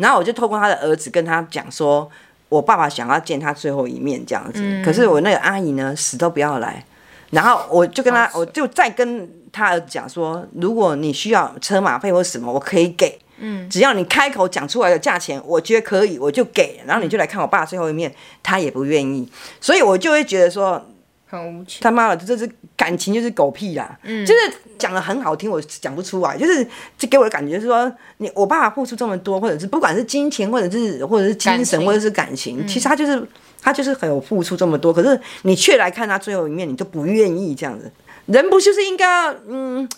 然後我就透過他的兒子跟他講說，我爸爸想要見他最後一面，這樣子。可是我那個阿姨呢，死都不要來。然後我就跟他，我就再跟他兒子講說，如果你需要車馬費或什麼，我可以給。嗯，只要你開口講出來的價錢，我覺得可以，我就給。然後你就來看我爸最後一面，他也不願意。所以我就會覺得說。很無情，他媽的，這是感情就是狗屁啦，嗯，就是講的很好聽，我講不出啊，就是給我的感覺是說，你我爸爸付出這麼多，或者是不管是金錢，或者是或者是精神，或者是感情，感情，其實他就是他就是很有付出這麼多，嗯，可是你卻來看他最後一面，你都不願意這樣子。人不就是應該嗯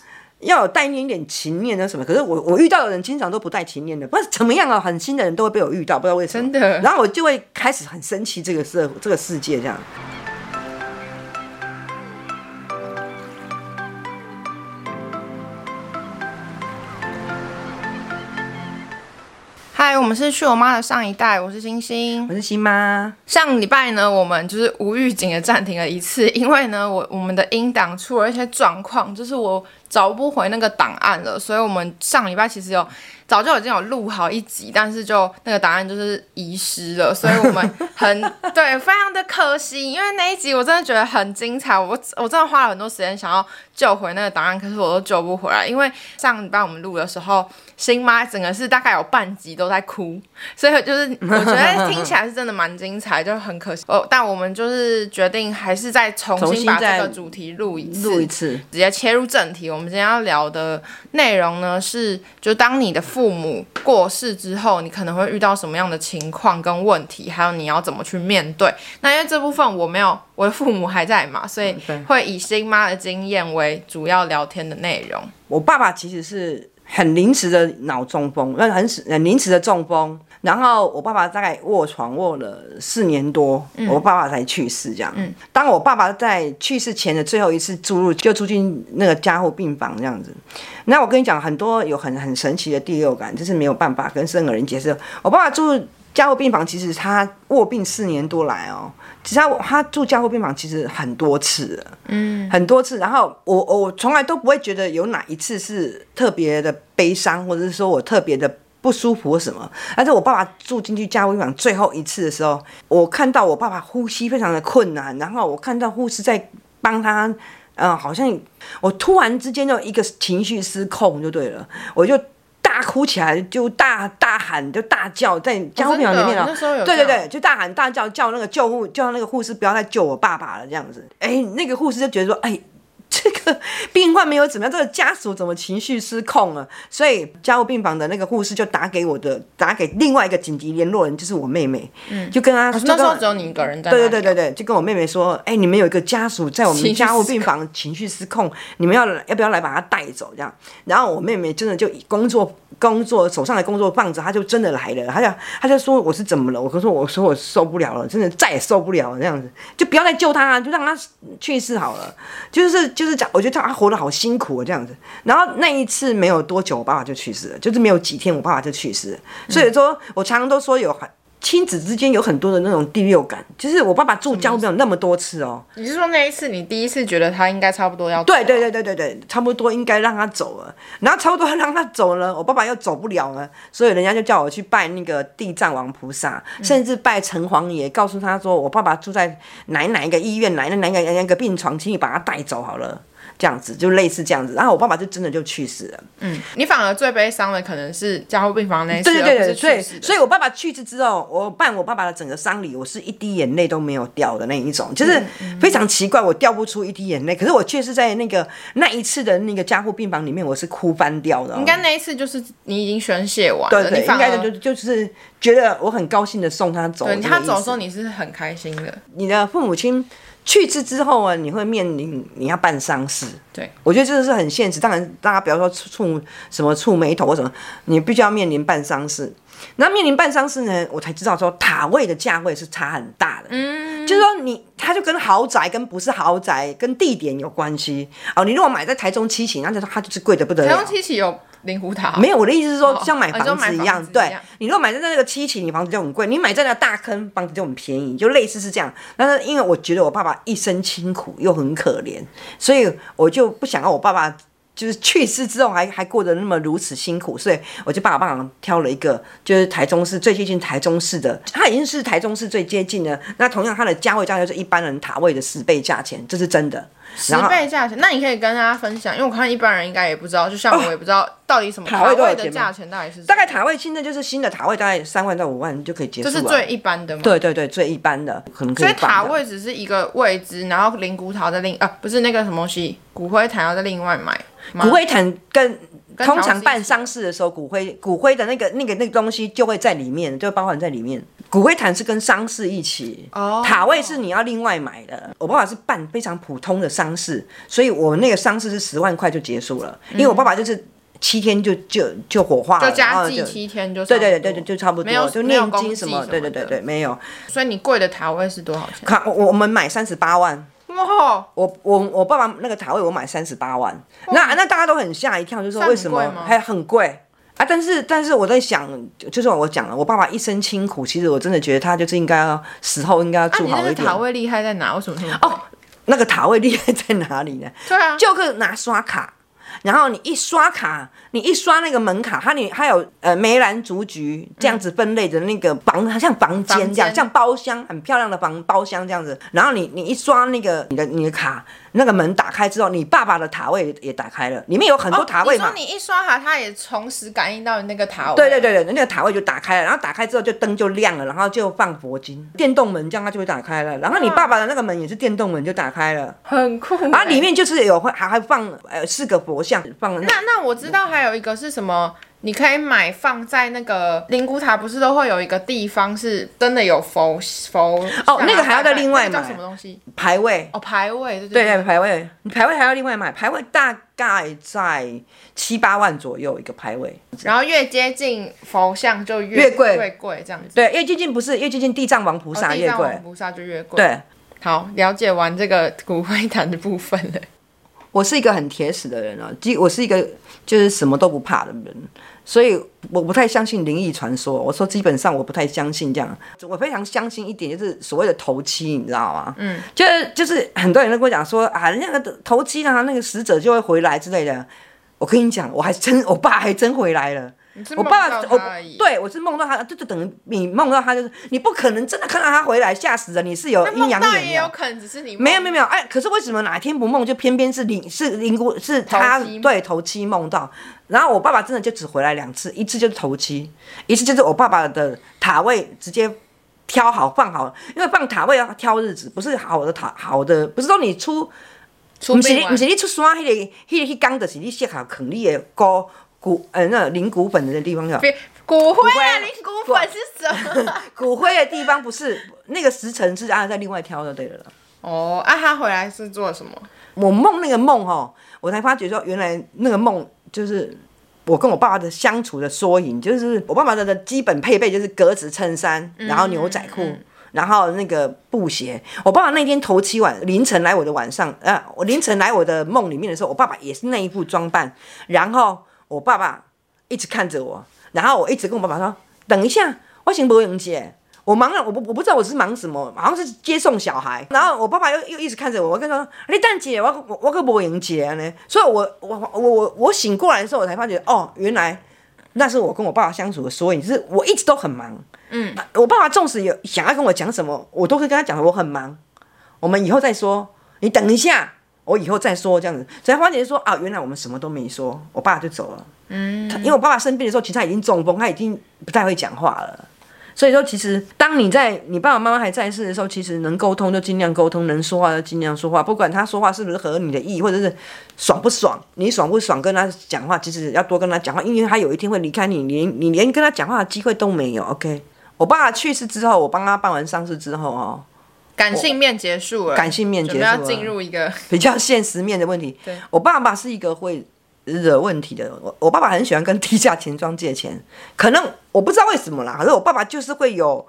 要有帶一點點情念啊什麼？可是我我遇到的人經常都不帶情念的，不知道怎麼樣啊，狠心的人都會被我遇到，不知道為什麼，真的，然後我就會開始很生氣這個社這個世界這樣。嗨，我們是去我媽的上一代，我是星星，我是星媽。上禮拜呢，我們就是無預警的暫停了一次，因為呢，我我們的音檔出了一些狀況，就是我。找不回那個檔案了，所以我們上禮拜其實有，早就已經有錄好一集，但是就那個檔案就是遺失了，所以我們很，對，非常的可惜，因為那一集我真的覺得很精彩，我我真的花了很多時間想要救回那個檔案，可是我都救不回來，因為上禮拜我們錄的時候，星媽整個是大概有半集都在哭。所以就是我覺得聽起來是真的蠻精彩， 就很可惜哦。但我們就是決定還是再重新把這個主題錄一次，錄一次，直接切入正題。我們今天要聊的內容呢是，就當你的父母過世之後，你可能會遇到什麼樣的情況跟問題，還有你要怎麼去面對。那因為這部分我沒有，我的父母還在嘛，所以會以星媽的經驗為主要聊天的內容。我爸爸其實是很臨時的腦中風，那很很臨時的中風。然後我爸爸大概臥床臥了四年多，我爸爸才去世。這樣、嗯嗯，當我爸爸在去世前的最後一次住入，就住進那個加護病房這樣子。那我跟你講，很多有很很神奇的第六感，就是沒有辦法跟生人解釋。我爸爸住加護病房，其實他臥病四年多來哦，其實他他住加護病房其實很多次了，嗯，很多次。然後我我從來都不會覺得有哪一次是特別的悲傷，或者是說我特別的。不舒服什麼？而且我爸爸住進去加護病房最後一次的時候，我看到我爸爸呼吸非常的困難，然後我看到護士在幫他，嗯、呃，好像我突然之間就一個情緒失控就對了，我就大哭起來，就大大喊，就大叫在加護病房裡面、oh, 哦、對對對，就大喊大叫，叫那個救護，叫那個護士不要再救我爸爸了，這樣子。哎、欸，那個護士就覺得說，哎、欸。這個病患沒有怎麼樣，這個家屬怎麼情緒失控了、啊？所以加護病房的那個護士就打給我的，打給另外一個緊急聯絡人，就是我妹妹，嗯，就跟她說、啊，那時候只有你一個人在，對對對對對，就跟我妹妹說，哎、欸，你們有一個家屬在我們加護病房情緒失控，你們要要不要來把他帶走？這樣，然後我妹妹真的就工作工作手上的工作放着，她就真的來了，她就她就說我是怎麼了？我說，我說我受不了了，真的再也受不了了，這樣子，就不要再救他、啊，就讓他去世好了，就是就是。我覺得他活得好辛苦哦，這樣子。然後那一次沒有多久，我爸爸就去世了，就是沒有幾天，我爸爸就去世了。所以說我常常都說有。親子之間有很多的那種第六感，就是我爸爸住江浙那麼多次哦、喔嗯。你是說那一次你第一次覺得他應該差不多要？對對對對對對，差不多應該讓他走了。然後差不多讓他走了，我爸爸又走不了了，所以人家就叫我去拜那個地藏王菩薩，甚至拜城隍爺告訴他說，我爸爸住在哪一哪一個醫院，哪哪哪個哪個病床，請你把他帶走好了。這樣子就類似這樣子，然後我爸爸就真的就去世了。嗯，你反而最悲傷的可能是加護病房那一次。對對對對，所以所以我爸爸去世之後，我辦我爸爸的整個喪禮，我是一滴眼淚都沒有掉的那一種，就是非常奇怪，我掉不出一滴眼淚，可是我卻是在那個那一次的那個加護病房裡面，我是哭翻掉的哦。應該那一次就是你已經宣洩完了，對，對，對，你，應該就就就是覺得我很高興的送他走，這個。他走的時候你是很開心的。你的父母親，去世之，之後啊，你會面臨你要辦喪事。嗯。對，我覺得這個是很現實。當然，大家比方說觸什麼觸霉頭或什麼，你必須要面臨辦喪事。那面臨辦喪事呢，我才知道說塔位的價位是差很大的。嗯，就是說你，它就跟豪宅跟不是豪宅跟地點有關係。哦，你如果買在台中七期，那就說它就是貴得不得了。台中七期有。靈湖塔沒有，我的意思是說，像買房子一樣，哦哦、你一樣對，你如果買在那個七期，你房子就很貴；你買在那大坑，房子就很便宜，就類似是這樣。但是因為我覺得我爸爸一生辛苦又很可憐，所以我就不想要我爸爸就是去世之後還還過得那麼如此辛苦，所以我就爸爸幫忙挑了一個，就是台中市最接近台中市的，它已經是台中市最接近的。那同樣它的價位，價就是一般人塔位的十倍價錢，這是真的。十倍價錢，那你可以跟大家分享，因為我看一般人應該也不知道，就像我也不知道、哦、到底什麼塔位，塔位的價錢大概是？大概塔位新的就是新的塔位大概三萬到五萬就可以結束，這是最一般的嗎？對對對，最一般的可，可以的，所以塔位只是一個位置，然後靈骨塔的另啊，不是那個什麼東西，骨灰罈要再另外買，骨灰罈跟。通常辦喪事的時候，骨灰骨灰的那個那個那個東西就會在裡面，就包含在裡面。骨灰罈是跟喪事一起，oh, 塔位是你要另外買的。Oh. 我爸爸是辦非常普通的喪事，所以我那個喪事是十萬塊就結束了、嗯，因為我爸爸就是七天就就就火化了，就加計七天就對對對對就差不多，就念經什麼，對對對對,沒有,沒,有對,對,對,對,對沒有。所以你貴的塔位是多少錢？卡，我們買三十八萬。那、哦、麼我我我爸爸那個塔位我買三十八萬，哦、那那大家都很嚇一跳，就是說為什麼還很貴啊？但是但是我在想，就算、是、我講了，我爸爸一生辛苦，其實我真的覺得他就是應該要死後應該要住好一點。啊、那個塔位厲害在哪？為什麼厲害？哦，那個塔位厲害在哪裡呢？對啊，就可以拿刷卡。然後你一刷卡，你一刷那個門卡，它你還有呃梅蘭竹菊這樣子分類的那個房，嗯、像房間這樣，像包廂很漂亮的房包廂這樣子。然後你你一刷那個你的你的卡，那個門打開之後，你爸爸的塔位也打開了，裡面有很多塔位。哦、你說你一刷卡，它也同時感應到那個塔位。對對對對，那個塔位就打開了。然後打開之後就燈就亮了，然後就放佛經。電動門這樣它就會打開了，然後你爸爸的那個門也是電動門就打開了，爸爸開了很酷，欸。然後裡面就是有還會放呃四個佛像。那那，那我知道還有一個是什麼？你可以買放在那個靈骨塔，不是都會有一個地方是真的有佛佛哦，那個還要再另外買，那個、叫什麼東西？牌位哦，牌位，牌位對對對，牌位你牌位還要另外買，牌位大概在七八萬左右一個牌位，然後越接近佛像就越貴，越貴這樣子。對，越接近，近不是越接近，近地藏王菩薩越貴，哦、地藏王菩薩就越貴，哦。對，好，了解完這個骨灰壇的部分了。我是一個很鐵齒的人啊，即我是一個就是什麼都不怕的人，所以我不太相信靈異傳說。我說基本上我不太相信這樣，我非常相信一點就是所謂的頭七，你知道嗎？嗯，就是就是很多人都跟我講說啊，那個頭七啊，那個死者就會回來之類的。我跟你講，我還真我爸還真回來了。我爸爸，我對我是夢到他，就等於你夢到他，就是你不可能真的看到他回來嚇死人。你是有陰陽眼嗎？那夢到也有可能，只是你沒有沒有沒有。哎、欸，可是為什麼哪天不夢，就偏偏是你是因姑是他？對，頭七夢到。然後我爸爸真的就只回來兩次，一次就是頭七，一次就是我爸爸的塔位直接挑好放好，因為放塔位要挑日子，不是好的塔，好的不是說你出，出不是你不是你出山那個那個那剛、個、就是你卸合扛你的骨呃，那靈骨粉的地方叫？骨灰啊，靈骨粉是什麼？骨灰的地方不是 那個時辰、啊，是阿哈在另外挑的，對了。哦，阿、啊、哈回來是做什麼？我夢那個夢哦，我才發覺說，原來那個夢就是我跟我爸爸的相處的縮影，就是我爸爸的基本配備就是格子襯衫，然後牛仔褲、嗯，然後那個布鞋、嗯。我爸爸那天頭七晚凌晨來我的晚上，呃，我凌晨來我的夢裡面的時候，我爸爸也是那一副裝扮，然後。我爸爸一直看着我，然後我一直跟我爸爸說：“等一下，我先忙一下。”我忙了，我不我不知道我是忙什麼，好像是接送小孩。然後我爸爸又又一直看着我，我跟他說：“你等一下，我我我又忙一下呢。”所以我，我我我我我醒過來的時候，我才發覺哦，原來那是我跟我爸爸相處的。所以是我一直都很忙。嗯，我爸爸縱使有想要跟我講什麼，我都會跟他講我很忙，我們以後再說。你等一下。我以後再說這樣子。才發現說啊，原來我們什麼都沒說，我爸就走了。嗯，因為我爸爸生病的時候，其實他已經中風，他已經不太會講話了。所以說，其實當你在你爸爸媽媽還在世的時候，其實能溝通就盡量溝通，能說話就盡量說話，不管他說話是不是合你的意，或者是爽不爽，你爽不爽跟他講話，其實要多跟他講話，因為他有一天會離開你，你連你連跟他講話的機會都沒有。OK，我爸去世之後，我幫他辦完喪事之後哦。感性面結束了我，感性面結束了，進入一個比較現實面的問題。對，我爸爸是一個會惹問題的人。我我爸爸很喜歡跟地下錢莊借錢，可能我不知道為什麼啦。可是我爸爸就是會有，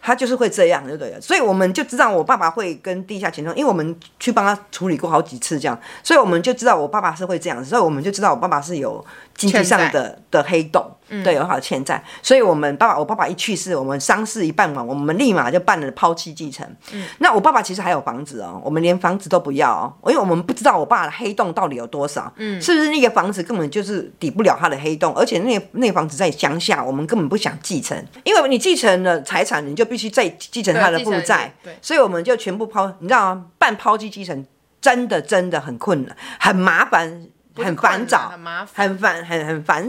他就是會這樣，對不對？所以我們就知道我爸爸會跟地下錢莊，因為我們去幫他處理過好幾次這樣，所以我們就知道我爸爸是會這樣子，所以我們就知道我爸爸是有經濟上的的黑洞。對，有好欠債，所以我們爸爸，我爸爸一去世，我們喪事一辦完，我們立馬就辦了拋棄繼承、嗯。那我爸爸其實還有房子哦，我們連房子都不要哦，因為我們不知道我爸的黑洞到底有多少。嗯，是不是那個房子根本就是抵不了他的黑洞？而且那個、那個房子在鄉下，我們根本不想繼承，因為你繼承了財產，你就必須再繼承他的負債。所以我們就全部拋，你知道嗎？辦拋棄繼承真的真的很困難，很麻煩。很繁雜，很煩，很很繁瑣。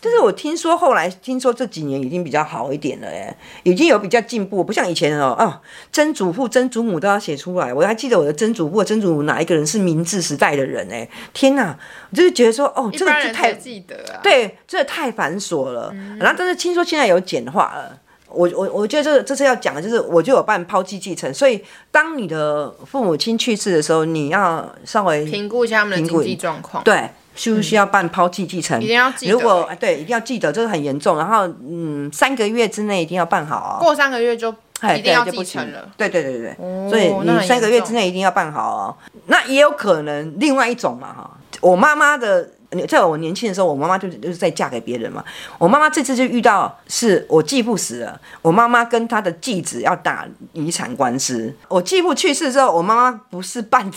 但是我聽說後來，聽說這幾年已經比較好一點了，哎，已經有比較進步，不像以前哦，哦，曾祖父、曾祖母都要寫出來。我還記得我的曾祖父、曾祖母哪一個人是明治時代的人，哎，天啊，我就是覺得說，哦，真的這太一般人不記得啊。對，這太繁瑣了。嗯，然後，但是聽說現在有簡化了。我我我覺得這這次要講的就是，我就有辦拋棄繼承，所以當你的父母親去世的時候，你要稍微評估一下他們的經濟狀況，對，需不需要辦拋棄繼承？嗯，一定要記得，如果對，一定要記得，這個很嚴重。然後，嗯，三個月之內一定要辦好啊，過三個月就一定要繼承了。對對對對，所以你三個月之內一定要辦好哦。那也有可能另外一種嘛哈，我媽媽的。在我年輕的時候，我媽媽就就是再嫁給別人嘛。我媽媽這次就遇到是我繼父死了，我媽媽跟她的繼子要打遺產官司。我繼父去世之後，我媽媽不是辦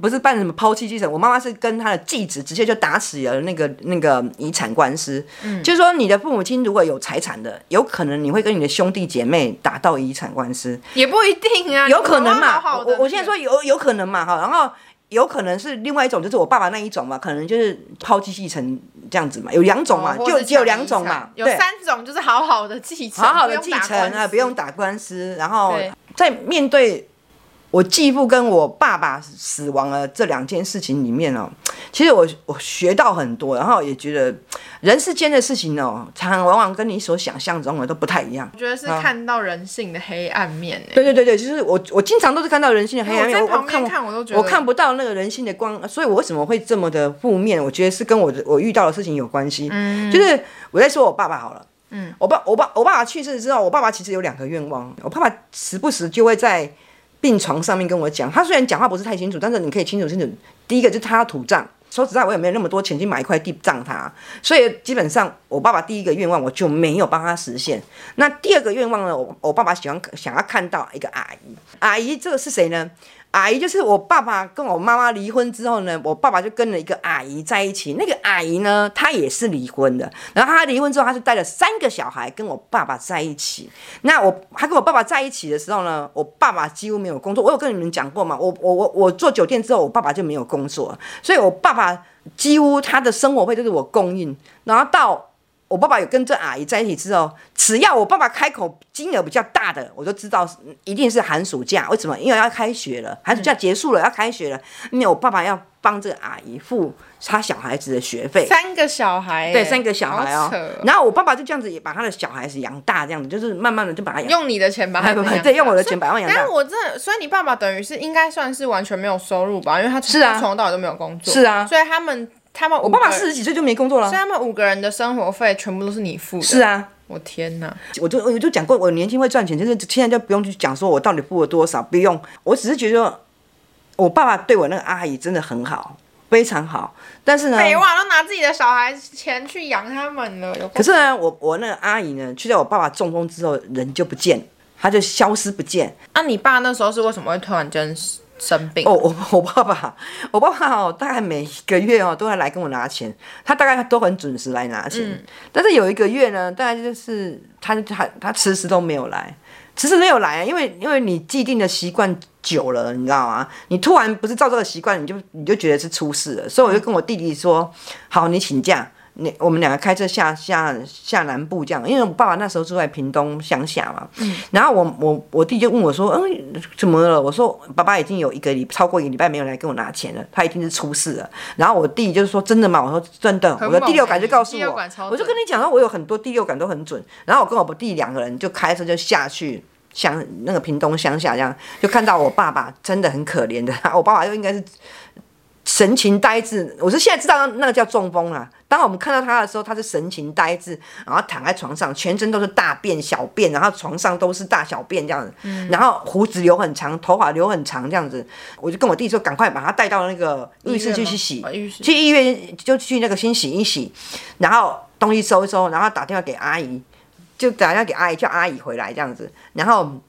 不是辦什麼拋棄繼承，我媽媽是跟她的繼子直接就打起了那個那個遺產官司。嗯。就是說你的父母親如果有財產的，有可能你會跟你的兄弟姐妹打到遺產官司，也不一定啊，有可能嘛。好，我我現在說有有可能嘛哈，然後。有可能是另外一種，就是我爸爸那一種嘛，可能就是拋棄繼承這樣子嘛，有兩種嘛，哦、就只有兩種嘛，有三種就是好好的繼承，好好的繼承啊，啊，不用打官司，然後在面對。我繼父跟我爸爸死亡的這兩件事情裡面哦，其實我我學到很多，然後也覺得人世間的事情哦，常常往往跟你所想象中的都不太一樣。我覺得是看到人性的黑暗面，啊。對對對對，就是我我經常都是看到人性的黑暗面。我在旁邊看，我看，我都覺得，我看不到那個人性的光，所以我為什麼會這麼的負面？我覺得是跟我我遇到的事情有關係，嗯。就是我在說我爸爸好了。嗯，我爸我爸我爸爸去世之後，我爸爸其實有兩個願望。我爸爸時不時就會在。病床上面跟我講，他雖然講話不是太清楚，但是你可以清楚清楚。第一個就是他要土葬，說實在我也沒有那麼多錢去買一塊地葬他，所以基本上我爸爸第一個願望，我就沒有幫他實現。那第二個願望呢？我我爸爸喜歡想要看到一個阿姨，阿姨這個是誰呢？阿姨就是我爸爸跟我媽媽離婚之後呢，我爸爸就跟了一個阿姨在一起。那個阿姨呢，她也是離婚的。然後她離婚之後，她是帶了三個小孩跟我爸爸在一起。那我她跟我爸爸在一起的時候呢，我爸爸幾乎沒有工作。我有跟你們講過嘛？我我我我做酒店之後，我爸爸就沒有工作，所以我爸爸幾乎他的生活費都是我供應。然後到我爸爸有跟這阿姨在一起之後，只要我爸爸開口金額比較大的，我就知道一定是寒暑假。為什麼？因為要開學了，寒暑假結束了要開學了，因為我爸爸要幫這個阿姨付他小孩子的學費，三個小孩，對，三個小孩哦、喔。然後我爸爸就這樣子也把他的小孩子養大，這樣子就是慢慢的就把他養，用你的錢把他養，對，用我的錢把他養大。但我這所以你爸爸等於是應該算是完全沒有收入吧，因為他是從、啊、頭到尾都沒有工作。是啊，所以他們。他們我爸爸四十幾歲就沒工作了、啊。他們五個人的生活費全部都是你付的。是啊，我天哪，我就我就講過，我年輕會賺錢，就是現在就不用去講說我到底付了多少，不用。我只是覺得，我爸爸對我那個阿姨真的很好，非常好。但是呢，每晚都拿自己的小孩錢去養他們了。可是呢，我我那個阿姨呢，去到我爸爸中風之後，人就不見，他就消失不見。那、嗯啊、你爸那時候是為什麼會突然間死？生病哦，我我爸爸，我爸爸哦，大概每一個月哦都要來跟我拿錢，他大概都很準時來拿錢。嗯、但是有一個月呢，大概就是他他他遲遲都沒有來，遲遲沒有來啊，因為因為你既定的習慣久了，你知道嗎？你突然不是照這個習慣，你就你就覺得是出事了，所以我就跟我弟弟說，嗯、好，你請假。那我們兩個開車下下下南部這樣，因為我爸爸那時候住在屏東鄉下嘛。嗯。然後我我我弟就問我說：“嗯，怎麼了？”我說：“爸爸已經有一個禮，超過一個禮拜沒有來給我拿錢了，他一定是出事了。”然後我弟就是說：“真的嗎？”我說：“真的。可可”我的第六感就告訴我，我就跟你講我有很多第六感都很準。然後我跟我弟兩個人就開車就下去像那個屏東鄉下這樣，就看到我爸爸真的很可憐的， 我爸爸就應該是。神情呆滯，我是現在知道那個叫中風了。當我們看到他的時候，他是神情呆滯，然後躺在床上，全身都是大便、小便，然後床上都是大小便這樣子。嗯。然後鬍子留很長，頭髮留很長這樣子。我就跟我弟說，趕快把他帶到那個浴室去去洗，啊，去醫院就去那個先洗一洗，然後東西收一收，然後打電話給阿姨，就打電話給阿姨叫阿姨回來這樣子，然後。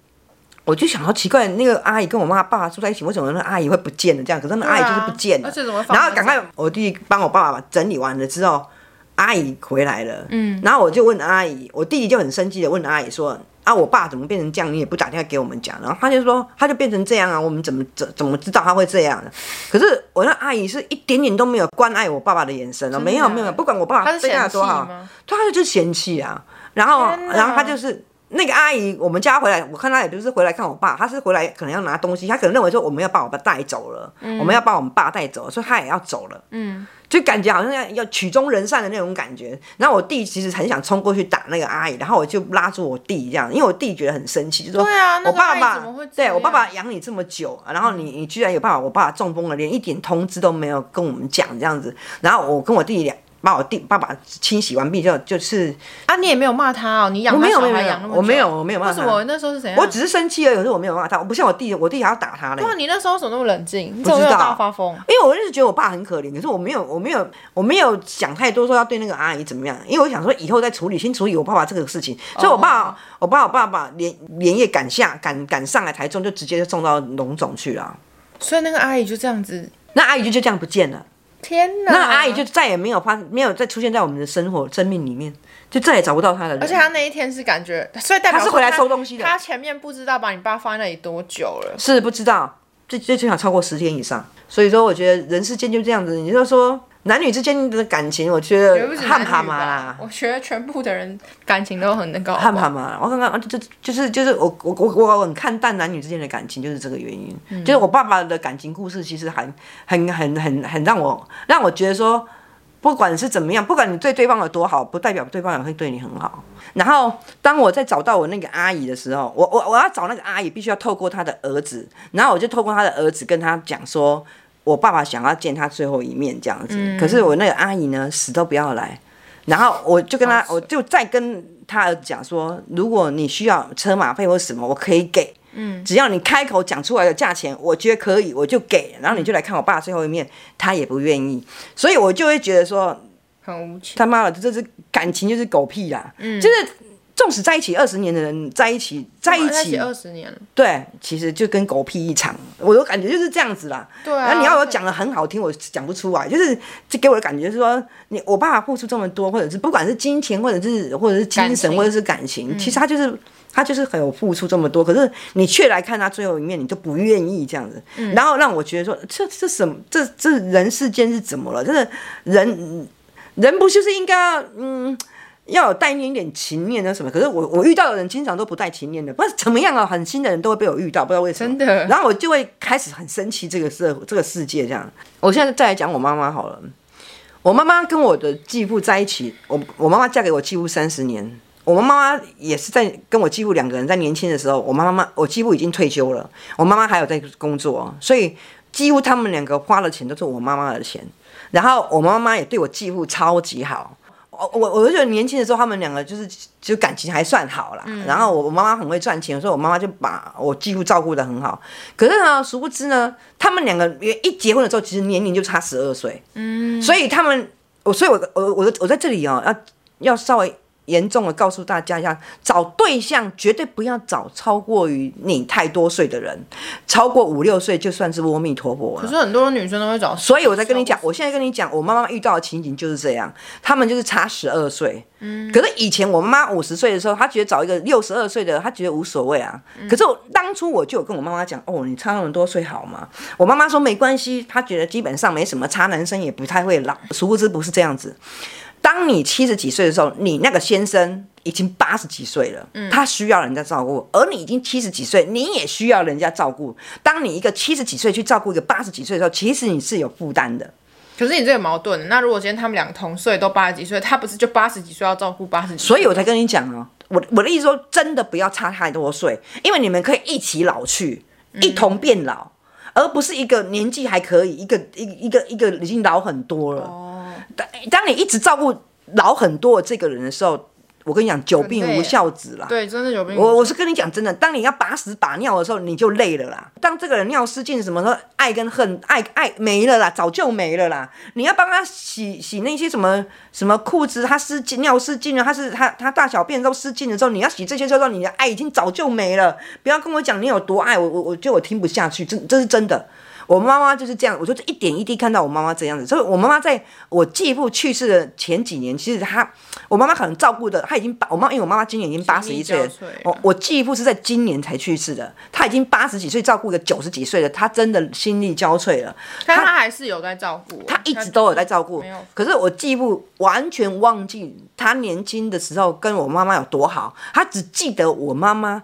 我就想到奇怪，那個阿姨跟我媽爸爸住在一起，為什麼那阿姨會不見了？這樣，可是那阿姨就是不見了。啊、然後趕快，我弟弟幫我爸爸整理完了之後，阿姨回來了。嗯，然後我就問阿姨，我弟弟就很生氣的問阿姨說：“啊，我爸怎麼變成這樣？你也不打電話給我們講。”然後他就說：“他就變成這樣啊，我們怎麼怎怎麼知道他會這樣呢？可是我那阿姨是一點點都沒有關愛我爸爸的眼神了、喔啊，沒有沒有，不管我爸爸怎樣說好，他就是嫌棄啊。然後然後他就是。那個阿姨，我們家回來，我看她也不是回來看我爸，她是回來可能要拿東西，她可能認為說我們要把我爸帶走了，嗯，我們要把我們爸帶走，所以她也要走了。嗯，就感覺好像要要曲終人散的那種感覺。然後我弟其實很想衝過去打那個阿姨，然後我就拉住我弟這樣，因為我弟覺得很生氣，就是，說我爸爸：對啊，那個、怎麼會這樣對我爸爸對我爸爸養你這麼久，然後你你居然有辦法，我爸爸中風了，連一點通知都沒有跟我們講這樣子。然後我跟我弟倆把我弟爸爸清洗完畢之後，就是啊，你也沒有罵他哦？你養沒有沒有我沒有我沒有罵他。為什麼那時候是誰？我只是生氣而已，可是我沒有罵他，我不像我弟，我弟還要打他嘞。哇，你那時候怎麼那麼冷靜？不知道你發瘋？因為我一直覺得我爸很可憐，可是我沒有，我沒有，我沒有想太多，說要對那個阿姨怎麼樣，因為我想說以後再處理，先處理我爸爸這個事情，所以我爸，哦、我爸我爸爸連連夜趕下趕趕上來台中，就直接就送到榮總去了。所以那個阿姨就這樣子，那阿姨就就這樣不見了。嗯天吶、啊！那阿姨就再也沒有發，沒有再出現在我們的生活、生命裡面，就再也找不到她了。而且她那一天是感覺，所以代表她是回來收東西的她。她前面不知道把你爸放在那裡多久了，是不知道最最最少，超過十天以上。所以說，我覺得人世間就這樣子，你就說。男女之間的感情，我覺得汗趴嘛啦。我覺得全部的人感情都很能高。個。汗趴嘛我剛剛啊，就是、就是就是我我我我很看淡男女之間的感情，就是這個原因。嗯、就是我爸爸的感情故事，其實還很很很很很讓我讓我覺得說，不管是怎麼樣，不管你對對方有多好，不代表對方也會對你很好。然後當我在找到我那個阿姨的時候，我我我要找那個阿姨，必須要透過他的兒子，然後我就透過他的兒子跟他講說。我爸爸想要見他最後一面，這樣子、嗯。可是我那個阿姨呢，死都不要來。然後我就跟他， 我就再跟他兒子講說，如果你需要車馬費或什麼，我可以給。嗯。只要你開口講出來的價錢，我覺得可以，我就給。然後你就來看我爸最後一面，嗯、他也不願意。所以，我就會覺得說，很無情。他媽的，這是感情就是狗屁啦。嗯。就是。縱使在一起二十年的人在一起，在一起二十、哦、年，對，其實就跟狗屁一場。我的感覺就是這樣子啦。對啊。然後你要我講得很好聽，okay. 我講不出來。就是，就給我的感覺是說，你我爸爸付出這麼多，或者是不管是金錢，或者是或者是精神，或者是感情，感情，其實他就是他就是很有付出這麼多。嗯、可是你卻來看他最後一面，你都不願意這樣子、嗯。然後讓我覺得說，這這什麼？這這人世間是怎麼了？就是人，人不就是應該要嗯？要有帶一點點情念啊什麼？可是我我遇到的人經常都不帶情念的，不知道是怎麼樣啊，狠心的人都會被我遇到，不知道為什麼。真的。然後我就會開始很生氣這個社這個世界這樣。我現在再來講我媽媽好了。我媽媽跟我的繼父在一起，我我媽媽嫁給我繼父三十年。我媽媽也是在跟我繼父兩個人在年輕的時候，我媽媽，媽我繼父已經退休了，我媽媽還有在工作，所以幾乎他們兩個花的錢，都是我媽媽的錢。然後我媽媽也對我繼父超級好。我我我覺得年輕的時候，他們兩個就是就感情還算好了、嗯。然後我我媽媽很會賺錢，所以，我媽媽就把我繼父照顧得很好。可是呢，殊不知呢，他們兩個一結婚的時候，其實年齡就差十二歲。嗯，所以他們，我所以我，我我我我在這裡哦、喔，要要稍微。嚴重的告訴大家一下，要找對象絕對不要找超過於你太多歲的人，超過五六歲就算是阿彌陀佛了。可是很多女生都會找，所以我再跟你講，我現在跟你講，我媽媽遇到的情景就是這樣，他們就是差十二歲。可是以前我媽五十歲的時候，她覺得找一個六十二歲的，她覺得無所謂啊。可是我當初我就有跟我媽媽講，哦，你差那麼多歲好嗎？我媽媽說沒關係，她覺得基本上沒什麼差，男生也不太會老。殊不知不是這樣子。當你七十幾歲的時候，你那個先生已經八十幾歲了，嗯，他需要人家照顧，而你已經七十幾歲，你也需要人家照顧。當你一個七十幾歲去照顧一個八十幾歲的時候，其實你是有負擔的。可是你這個矛盾，那如果今天他們兩個同歲都八十幾歲，他不是就八十幾歲要照顧八十幾歲？所以我才跟你講啊，我我的意思說，真的不要差太多歲，因為你們可以一起老去，一同變老，嗯，而不是一個年紀還可以，一個一一個一個，一個已經老很多了。哦。當你一直照顧老很多的這個人的時候，我跟你講，久病無孝子啦。對，真的久病。我我是跟你講真的，當你要把屎把尿的時候，你就累了啦。當這個人尿失禁什麼的時候，愛跟恨，愛愛沒了啦，早就沒了啦。你要幫他洗洗那些什麼什麼褲子，他失禁尿失禁了，他是他他大小便都失禁的時候，你要洗這些時候，你的愛已經早就沒了。不要跟我講你有多愛我，我我就我聽不下去，這這是真的。我媽媽就是這樣，我就一點一滴看到我媽媽這樣子，所以我媽媽在我繼父去世的前幾年，其實她，我媽媽可能照顧的，她已經把我媽，因為我媽媽今年已經八十一歲了。了我我繼父是在今年才去世的，她已經八十幾歲，照顧一個九十幾歲了。她真的心力交瘁了。但她還是有在照顧，啊她。她一直都有在照顧。可是我繼父完全忘記她年輕的時候跟我媽媽有多好，他只記得我媽媽。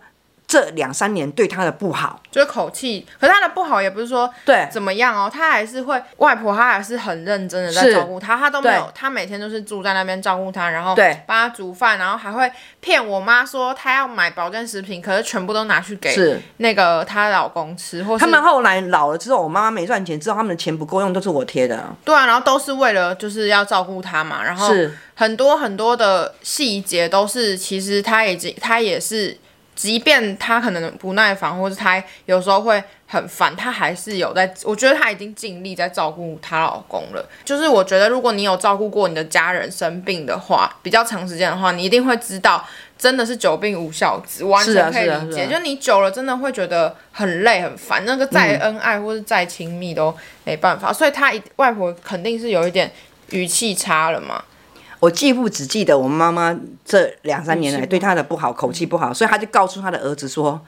這兩三年對他的不好，就是口氣。可是他的不好也不是說對怎麼樣哦，他還是會外婆，她還是很認真的在照顧他，他都沒有，他每天都是住在那邊照顧他，然後對幫他煮飯，然後還會騙我媽說他要買保健食品，可是全部都拿去給那個她老公吃。或是他們後來老了之後，我媽媽沒賺錢之後，他們的錢不夠用，都是我貼的。對啊，然後都是為了就是要照顧他嘛，然後很多很多的細節都是，其實她已經她也是。即便他可能不耐煩，或者是他有時候會很煩，他還是有在。我覺得他已經盡力在照顧她老公了。就是我覺得，如果你有照顧過你的家人生病的話，比較長時間的話，你一定會知道，真的是久病無孝子，完全可以理解。是啊是啊是啊，就你久了，真的會覺得很累很煩，那個再恩愛或者再親密都沒辦法。嗯、所以他一外婆肯定是有一點語氣差了嘛。我繼父只記得我媽媽這兩三年來對他的不好，口氣不好，所以他就告訴他的兒子說，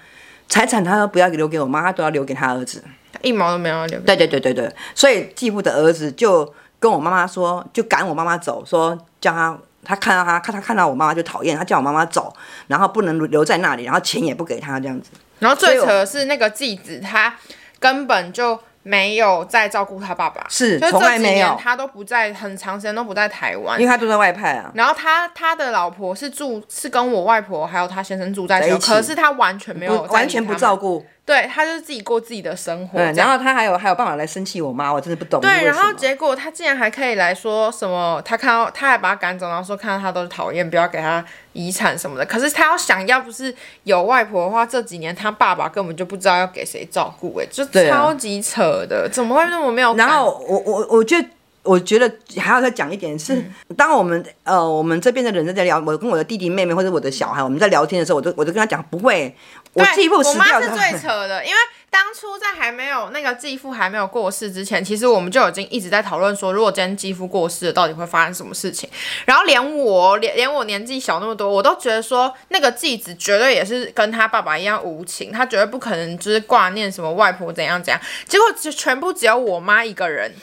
財產他都不要留給我媽，都要留給他兒子，他一毛都沒有留給他。對對對對對，所以繼父的兒子就跟我媽媽說，就趕我媽媽走，說叫他他看到他看他看到我媽媽就討厭，他叫我媽媽走，然後不能留在那裡，然後錢也不給他這樣子。然後最扯的是那個繼子，他根本就。沒有在照顧他爸爸，是，就這幾年他都不在，很長時間都不在台灣，因為他都在外派啊。然後他他的老婆是住，是跟我外婆還有他先生住在這這一起，可是他完全沒有在，完全不照顧。對，他就是自己過自己的生活。對、嗯，然後他還有還有辦法來生氣我媽，我真的不懂對。對，然後結果他竟然還可以來說什麼？他看到他還把他趕走，然後說看到他都討厭，不要給他遺產什麼的。可是他要想要不是有外婆的話，這幾年他爸爸根本就不知道要給誰照顧，哎，就超級扯的、啊，怎麼會那麼沒有？然後我我我覺得。我覺得還要再講一點是，嗯、當我們呃我們這邊的人在聊，我跟我的弟弟妹妹或者我的小孩，我們在聊天的時候，我就我就跟他講，不會，我繼父死掉。我媽是最扯的，因為當初在還沒有那個繼父還沒有過世之前，其實我們就已經一直在討論說，如果今天繼父過世了，到底會發生什麼事情。然後連我連連我年紀小那麼多，我都覺得說那個繼子絕對也是跟他爸爸一樣無情，他絕對不可能就是掛念什麼外婆怎樣怎樣。結果就全部只有我媽一個人。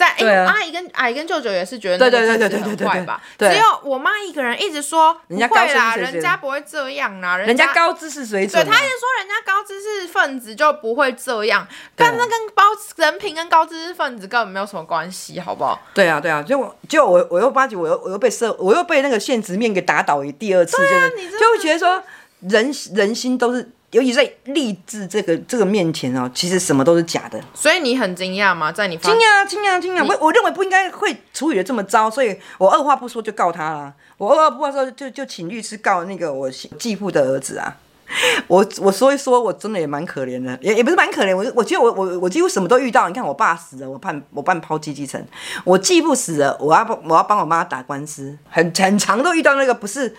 在，欸啊、阿姨跟阿姨跟舅舅也是覺得那個東西很壞吧，對對對對對對對對。只有我媽一個人一直說，對對對對，不人家會啦，人家不會這樣啦，啊，人家高知識水準，啊，對，他一直說人家高知識分子就不會這樣，跟，啊、那跟包人品跟高知識分子根本沒有什麼關係，好不好？對啊，對啊，就我，就我我又發覺我又我又被社，我又被那個現實面給打倒一第二次，對啊，就是你就會覺得說，人人心都是，尤其在勵志這個這個面前哦，其實什麼都是假的。所以你很驚訝嗎？在你驚訝、驚訝、驚訝，我我認為不應該會處理得這麼糟，所以我二話不說就告他了。我二話不說就就請律師告那個我繼父的兒子啊。 我我說一說，我真的也蠻可憐的，也也不是蠻可憐。我我覺得我我我幾乎什麼都遇到。你看我爸死了，我判我判拋棄繼承。我繼父死了，我要幫我要幫我媽打官司，很很常都遇到那個不是。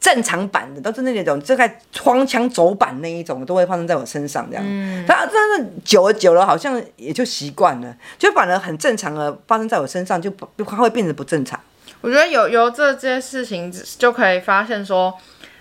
正常版的都是那那種正在穿牆走板那一種，都會發生在我身上這樣，他、嗯、但是久了久了好像也就習慣了，就反而很正常的發生在我身上，就不就會變成不正常。我覺得有有這些事情就可以發現說，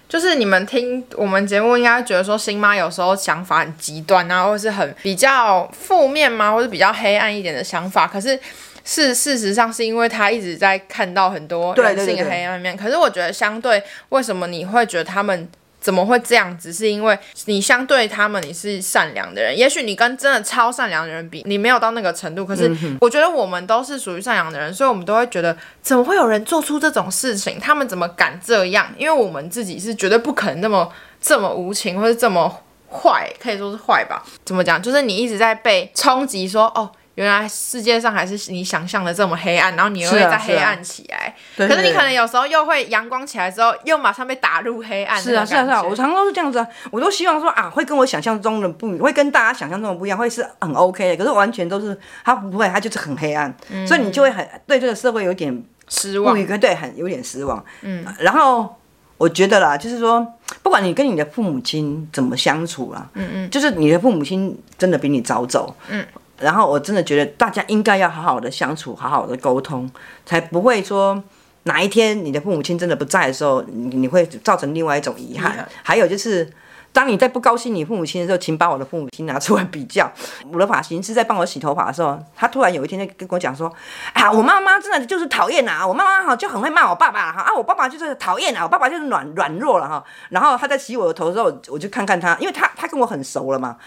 就是你們聽我們節目應該覺得說，星媽有時候想法很極端啊，或是很比較負面嗎，或是比較黑暗一點的想法，可是。是，事實上是因為他一直在看到很多人性的黑暗面。對對對對。可是我覺得，相對為什麼你會覺得他們怎麼會這樣子？只是因為你相對他們，你是善良的人。也許你跟真的超善良的人比，你沒有到那個程度。可是我覺得我們都是屬於善良的人，所以我們都會覺得怎麼會有人做出這種事情？他們怎麼敢這樣？因為我們自己是絕對不可能那麼這麼無情，或者這麼壞，可以說是壞吧？怎麼講？就是你一直在被衝擊說，說哦。原來世界上還是你想象的這麼黑暗，然後你又會再黑暗起來，啊啊對對對。可是你可能有時候又會陽光起來之後，又馬上被打入黑暗。是啊是啊是啊，我常常都是這樣子，啊，我都希望說啊，會跟我想象中的不，會跟大家想象中的不一樣，會是很 OK 的。可是完全都是他不會，他就是很黑暗，嗯、所以你就會很對這個社會有點失望。對，很有點失望。嗯。然後我覺得啦，就是說，不管你跟你的父母親怎麼相處啦，啊，嗯嗯，就是你的父母親真的比你早走，嗯。然後我真的覺得，大家應該要好好的相處，好好的溝通，才不會說哪一天你的父母親真的不在的時候，你，你會造成另外一種遺憾。還有就是，當你在不高興你父母親的時候，請把我的父母親拿出來比較。我的髮型師在幫我洗頭髮的時候，他突然有一天就跟我講說：“啊，我媽媽真的就是討厭啊，我媽媽哈就很會罵我爸爸哈、啊，啊，我爸爸就是討厭啊，我爸爸就是軟軟弱了哈。”然後他在洗我的頭的時候，我就看看他，因為他他跟我很熟了嘛。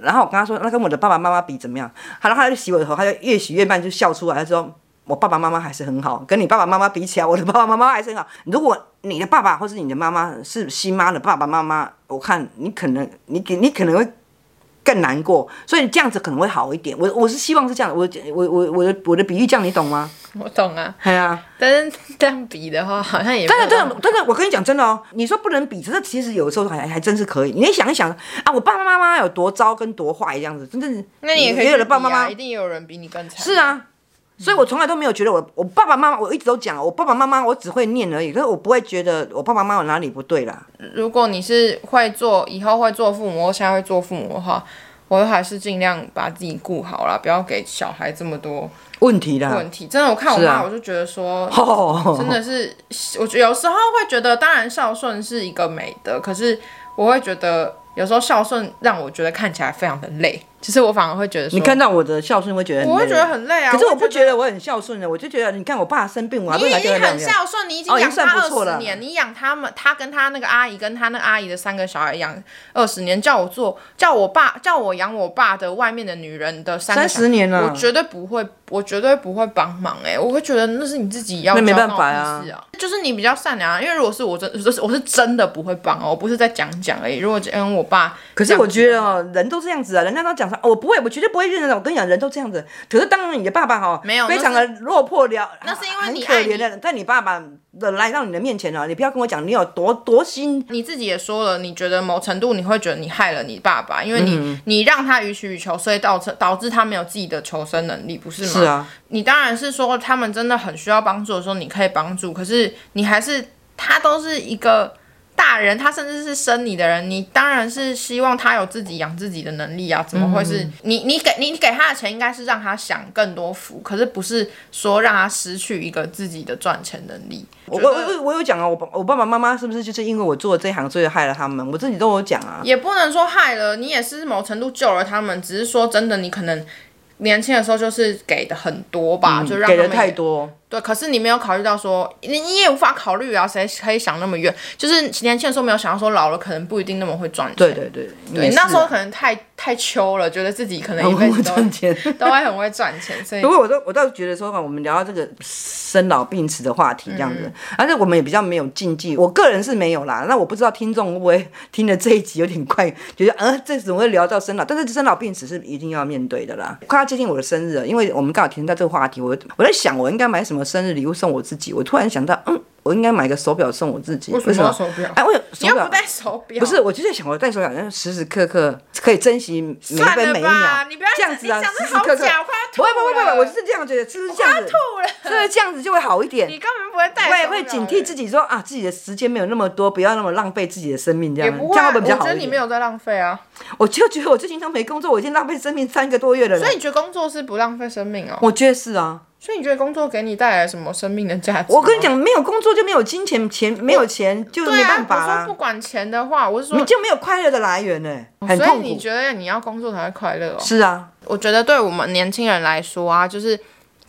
然後我跟他說，那跟我的爸爸媽媽比怎麼樣？然後他就洗我的頭，他就越洗越慢，就笑出來，他說：“我爸爸媽媽還是很好，跟你爸爸媽媽比起來，我的爸爸媽媽還是很好。如果你的爸爸或是你的媽媽是星媽的爸爸媽媽，我看你可能，你給，你可能會。”更難過，所以你這樣子可能會好一點。我我是希望是這樣的。我我我我的我的比喻這樣，你懂嗎？我懂啊，對啊，但是這樣比的話，好像也 但……但是，但真的，我跟你講真的哦，你說不能比，這的，其實有的時候還還真是可以。你想一想啊，我爸爸媽媽有多糟跟多壞，這樣子，真的是。那你也可以、啊。有的爸爸媽媽一定有人比你更慘。是啊。所以，我從來都沒有覺得我我爸爸媽媽，我一直都講我爸爸媽媽，我只會念而已，可是我不會覺得我爸爸媽媽哪裡不對啦。如果你是會做以後會做父母，或現在會做父母的話，我都還是盡量把自己顧好了，不要給小孩這麼多問題啦。問題真的，我看我媽、啊，我就覺得說，真的是我有時候會覺得，當然孝順是一個美德，可是我會覺得有時候孝順讓我覺得看起來非常的累。其實我反而會覺得，你看到我的孝順，會覺得我會覺得很累啊。可是我不覺得我很孝順的，我就覺得，就覺得你看我爸生病，我我已經很孝順，你已經養他二十年、哦，你養他們，他跟他那個阿姨，跟他那個阿姨的三個小孩養二十年，叫我做叫我爸叫我養我爸的外面的女人的三十年了，我絕對不會，我絕對不會幫忙哎、欸，我會覺得那是你自己要那、啊、那沒辦法啊，就是你比較善良啊。因為如果是我真我是我是真的不會幫哦，我不是在講講而已。如果跟我爸講講，可是我覺得哦，人都是這樣子啊，人家都講。我不會，我絕對不會認得到。我跟你講，人都這樣子。可是，當然，你的爸爸哈、喔，沒有，非常的落魄了，那是因為你，愛你可憐的你愛你，在你爸爸的來到你的面前了、喔。你不要跟我講你有多多心，你自己也說了，你覺得某程度你會覺得你害了你爸爸，因為你嗯嗯你讓他予取予求，所以導致導致他沒有自己的求生能力，不是嗎？是啊。你當然是說他們真的很需要幫助的時候，你可以幫助。可是你還是他都是一個。大人，他甚至是生你的人，你當然是希望他有自己養自己的能力啊！怎麼會是、嗯、你？你給你給他的錢，應該是讓他享更多福，可是不是說讓他失去一個自己的賺錢能力。我我我，我有講啊，我我爸爸媽媽是不是就是因為我做這行，所以害了他們？我自己都有講啊。也不能說害了你，也是某程度救了他們，只是說真的，你可能年輕的時候就是給的很多吧，嗯、就讓他們給的太多。對，可是你沒有考慮到說，你也無法考慮啊，誰可以想那麼遠？就是十年前的時候沒有想到說老了可能不一定那麼會賺錢。對對對，對你那時候可能太太秋了，覺得自己可能也會、嗯、賺錢，都還很會賺錢。所以不過我都我倒是覺得說吧、啊，我們聊到這個生老病死的話題這樣子，而、嗯、且我們也比較沒有禁忌，我個人是沒有啦。那我不知道聽眾會不會聽了這一集有點怪，覺得啊、呃，這怎麼會聊到生老？但是生老病死是一定要面對的啦。快要接近我的生日了，因為我們剛好提到這個話題，我我在想我應該買什麼。生日禮物送我自己，我突然想到，嗯，我應該買個手錶送我自己。為什麼，為什麼手錶？哎、啊，我有手錶，你又不戴手錶？不是，我就在想，我戴手錶，然後時時刻刻可以珍惜每一分每一秒樣、啊。你不要這樣子，啊，樣好假，快吐了，了。不會不會不會，我是這樣覺得，就是這樣子，所以這樣子就會好一點。你根本不會戴。我也會警惕自己說啊，自己的時間沒有那麼多，不要那麼浪費自己的生命，這樣子，這會會比較好，你沒有在浪費啊，我就覺得我最近都沒工作，我已經浪費生命三個多月了。所以你覺得工作是不浪費生命啊、哦？我覺得是啊。所以你覺得工作給你帶來什麼生命的價值？我跟你講，沒有工作就沒有金錢，錢沒有錢就沒辦法。我、啊、不，不管錢的話，我是說你就沒有快樂的來源、欸、很痛苦、所以，你覺得你要工作才會快樂、哦？是啊，我覺得對我們年輕人來說啊，就是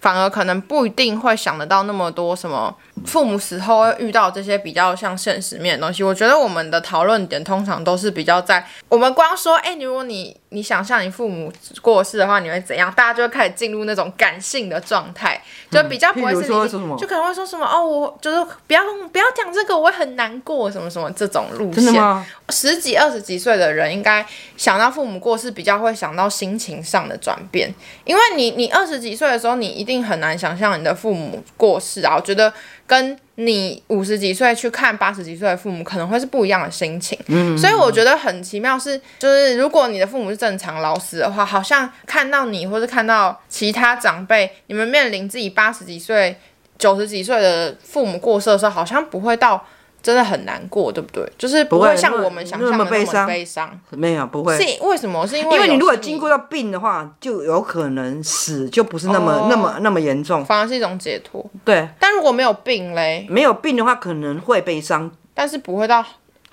反而可能不一定會想得到那麼多什麼。父母死後會遇到這些比較像現實面的東西，我覺得我們的討論點通常都是比較在我們光說，哎、欸，如果你你想象你父母過世的話，你會怎樣？大家就會開始進入那種感性的狀態，就比較不會是你、嗯說說，就可能會說什麼哦，我就是不要不要講這個，我會很難過，什麼什麼這種路線。真的嗎？十幾二十幾歲的人應該想到父母過世，比較會想到心情上的轉變，因為你你二十幾歲的時候，你一定很難想象你的父母過世啊，我覺得。跟你五十幾歲去看八十幾歲的父母，可能會是不一樣的心情。所以我覺得很奇妙是，就是如果你的父母是正常老死的話，好像看到你，或是看到其他長輩，你們面臨自己八十幾歲、九十幾歲的父母過世的時候，好像不會到。真的很難過，對不對？就是不會像我們想象的那，那，那麼悲傷，悲傷沒有不會。是為什麼？是因為因為你如果經過到病的話，就有可能死，就不是那麼、oh, 那麼那麼嚴重，反而是一種解脫。對，但如果沒有病嘞，沒有病的話可能會悲傷，但是不會到悲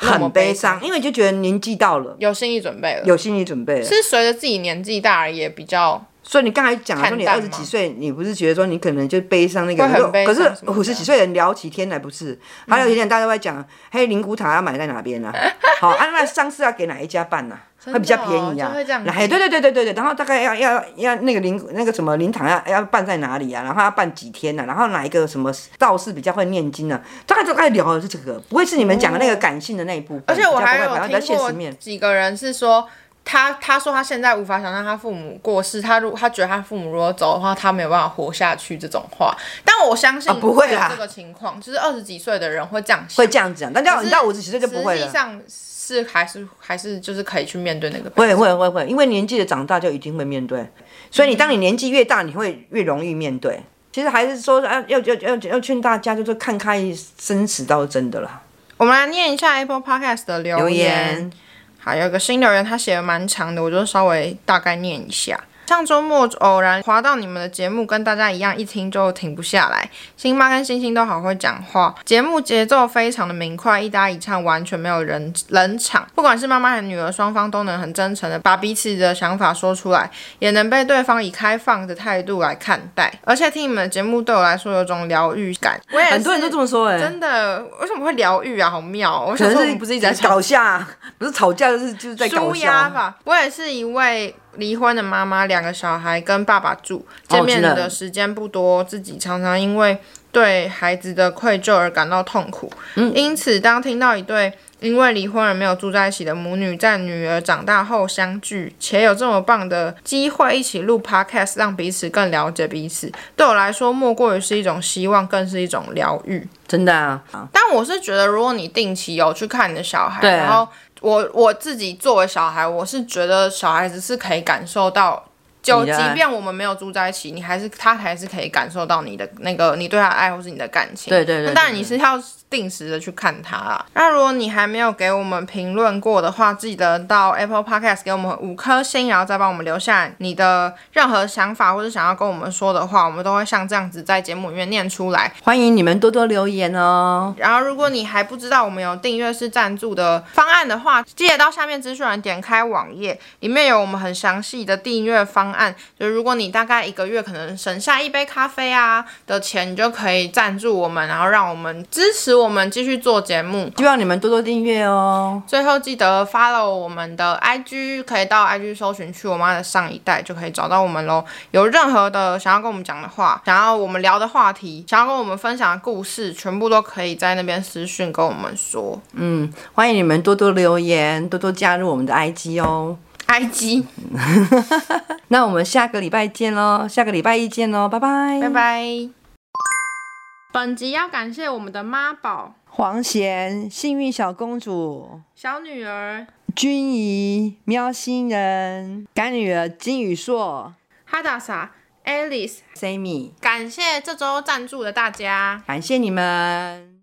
傷很悲傷，因為就覺得年紀到了，有心理準備了，有心理準備了，是隨着自己年紀大而已，比較。所以你剛才講說你二十幾歲，你不是覺得說你可能就悲傷那個，可是五十幾歲人聊起天來不是？嗯、還有一點大家都會講，嘿，靈骨塔要買在哪邊呢、啊？ 好，啊，那喪事要給哪一家辦呢、啊哦？會比較便宜呀、啊？來，對對對對對，然後大概要要要那個靈那個什麼靈堂要要辦在哪裡啊？然後要辦幾天呢、啊？然後哪一個什麼道士比較會念經呢、啊？大概就愛聊的是這個，不會是你們講的那個感性的那一部分、嗯？而且我還有聽過幾個人是說。他他說他現在無法想象他父母過世，他如果他覺得他父母如果走的話，他沒有辦法活下去這種話。但我相信不會有這個情況、啊啊，就是二十幾歲的人會這樣會這樣子講、啊。但到你到五十幾歲就不會了。實際上是還是還是就是可以去面對那個。會會會會，因為年紀的長大就一定會面對。所以你當你年紀越大，你會越容易面對。其實還是說、啊、要要要要勸大家就是看開生死倒是真的啦。我們來念一下 Apple Podcast 的留言。留言還有個新留言，他寫的蠻長的，我就稍微大概念一下。上週末偶然滑到你們的節目，跟大家一樣，一聽就停不下來。星媽跟星星都好會講話，節目節奏非常的明快，一搭一唱，完全沒有人冷場。不管是媽媽和女兒，雙方都能很真誠的把彼此的想法說出來，也能被對方以開放的態度來看待。而且聽你們的節目對我來說有種療癒感，我也很多、嗯、人都這麼說哎、欸，真的為什麼會療癒啊？好妙、啊！我小時候不是一直在吵架？不是吵架，是就是在搞壓吧。我也是一位。離婚的媽媽，兩個小孩跟爸爸住，見面的時間不多，oh，自己常常因為對孩子的愧疚而感到痛苦。嗯，因此，當聽到一對因為離婚而沒有住在一起的母女在女兒長大後相聚，且有這麼棒的機會一起錄 Podcast，讓彼此更了解彼此，對我來說，莫過於是一種希望，更是一種療癒。真的啊，但我是覺得，如果你定期有去看你的小孩，啊，然後。我我自己作為小孩，我是覺得小孩子是可以感受到，就即便我們沒有住在一起，你，你還是他還是可以感受到你的那個你對他的愛或是你的感情。對對對，對，當然你是要。定時的去看它啊。那如果你還沒有給我們評論過的話，記得到 Apple Podcast 給我們五顆星，然後再幫我們留下你的任何想法或者想要跟我們說的話，我們都會像這樣子在節目裡面念出來。歡迎你們多多留言哦。然後，如果你還不知道我們有訂閱式贊助的方案的話，記得到下面資訊欄點開網頁，裡面有我們很詳細的訂閱方案。就如果你大概一個月可能省下一杯咖啡啊的錢，你就可以贊助我們，然後讓我們支持我們。我們繼續做節目，希望你們多多訂閱哦。最後記得 follow 我們的 IG，可以到 IG 搜尋去“我媽的上一代”就可以找到我們嘍。有任何的想要跟我們講的話，想要我們聊的話題，想要跟我們分享的故事，全部都可以在那邊私訊跟我們說。嗯，歡迎你們多多留言，多多加入我們的 IG 哦。IG， 那我們下個禮拜見嘍，下個禮拜一見嘍，拜拜，拜拜。本集要感謝我們的媽寶黃賢、幸運小公主、小女兒君怡、喵星人乾女兒金宇碩、哈達莎、Alice、Sammy。感謝這周贊助的大家，感謝你們。